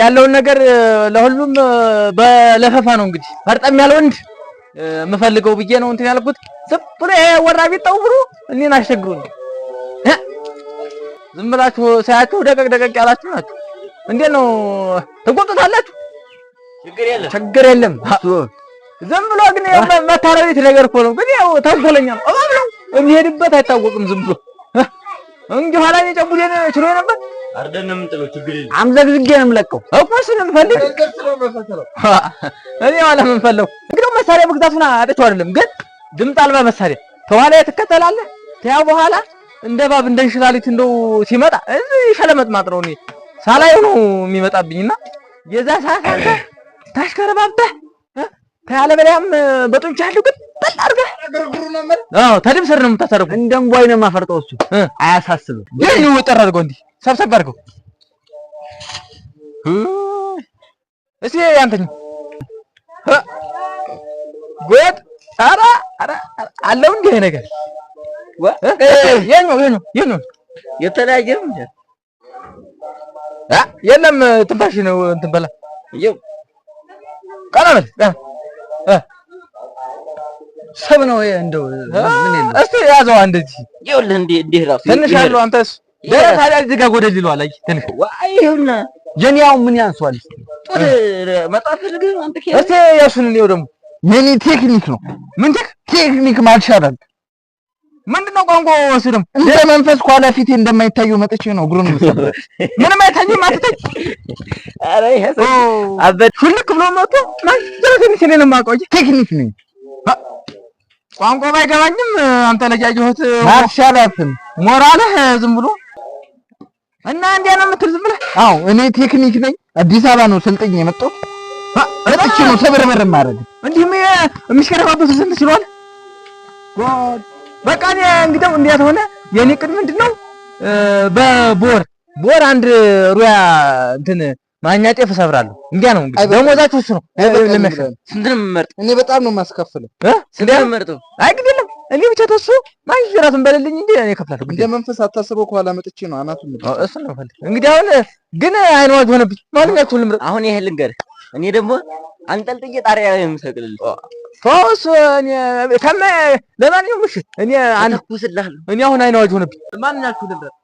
ያለውን ነገር ለሁሉም በለፈፋ ነው እንግዲህ ፈርጠም ያለ ወንድ የምፈልገው ብዬ ነው እንትን ያልኩት። ዝም ብሎ ይሄ ወራቢ ጠውብሩ እኔን አሸግሩኝ። ዝም ብላችሁ ሳያችሁ ደቀቅ ደቀቅ ያላችሁ ናችሁ። እንዴት ነው ትቆጡታላችሁ? ችግር የለም ችግር የለም። ዝም ብሎ ግን መታረቤት ነገር እኮ ነው። ግን ያው ተንኮለኛ ነው፣ እባብ ነው፣ የሚሄድበት አይታወቅም። ዝም ብሎ እንጂ ኋላ የጨቡዴን ችሎ ነበር አርደንም ጥሎ ችግር የለም። ነው የምለቀው እኮ እሱን የምፈልግ እኔ እንግዲህ መሳሪያ መግዛቱን አቤቱ አይደለም ግን ድምፅ አልባ መሳሪያ ተኋላ ትከተላለህ። በኋላ እንደ እባብ እንደ እንሽላሊት እንደው ሲመጣ እዚህ እኔ ሳላየው ነው የሚመጣብኝና የዛ ሰዓት አንተ ታሽከረባብተህ በጡንቻ ያለው ግን ተደምሰር ነው የምታሳርፈው። እንደም እምቧይ ነው የማፈርጠው። እሱ አያሳስብም። ይህን ውጥር አድርገው እንዲህ ሰብሰብ አድርገው እስኪ አንተኝ ጎጥ ኧረ ኧረ አለው እንዲህ ነገር የተለያየ የለም። ትንፋሽ ነው እንትን በላ ቀና በል ሰብ ነው ይሄ። እንደው ምን ይላል? እስቲ ያዘው አንድ እጅ እንዴ እንዴ ራሱ ትንሽ አለው። አንተስ ደረ ታዲያ እዚህ ጋር ጎደል ይለዋል። አይ ትንሽ ዋይ ይሁን የኔያው ምን ያንሷል? ጡት መጣፍ ልግ አንተ ከይ እስቲ ያሱን ነው ደግሞ የኔ ቴክኒክ ነው። ምን ቴክ ቴክኒክ ማልሻራል ምንድነው ቋንቋ ወሱ እንደ መንፈስ ኋላ ፊቴ እንደማይታየው መጥቼ ነው እግሩን ምንም አይታኝም። አትተኝ አረ ይሄ አበድ ሁልክ ብሎ መጥቶ ማን ደረሰኝ ሲኔ ነው ማቆይ ቴክኒክ ነኝ ቋንቋ ባይገባኝም አንተ ልጅ አየሁት ማርሻላትም ሞራልህ ዝም ብሎ እና እንዴ ነው የምትል ዝም ብለህ። አዎ እኔ ቴክኒክ ነኝ። አዲስ አበባ ነው ስልጠኝ የመጣው ረጥቼ ነው ተበረበረ ማረግ እንዲህም የሚሽከረፋበት ስንት ችሏል። በቃ እኔ እንግዲህ እንዴት ሆነ የኔ ቅድ ምንድነው በቦር ቦር አንድ ሩያ እንትን ማኛ ጤፍ እሰብራለሁ። እንዲያ ነው እንግዲህ ደሞዛችሁ እሱ ነው። ስንት ነው የምመርጥ? እኔ በጣም ነው የማስከፍለው። ስንት ነው የምመርጠው? አይ ግድ የለም እኔ ብቻ ተሱ ማኝ እራሱን በልልኝ እንጂ እኔ እከፍላለሁ። እንደ መንፈስ አታስበው፣ ከኋላ መጥቼ ነው አናቱን። እሱ ነው ፈልግ እንግዲህ። አሁን ግን አይን ዋጅ ሆነብኝ። ማንኛችሁን ልምረጥ? አሁን ይሄ ልንገርህ፣ እኔ ደግሞ አንጠልጥዬ ጣሪያ ላይ የምሰቅልልህ ፎስ እኔ ከመ ለማንኛውም ምሽት እኔ አንኩስልሃለሁ። እኔ አሁን አይን ዋጅ ሆነብኝ። ማንኛችሁ ልምረጥ?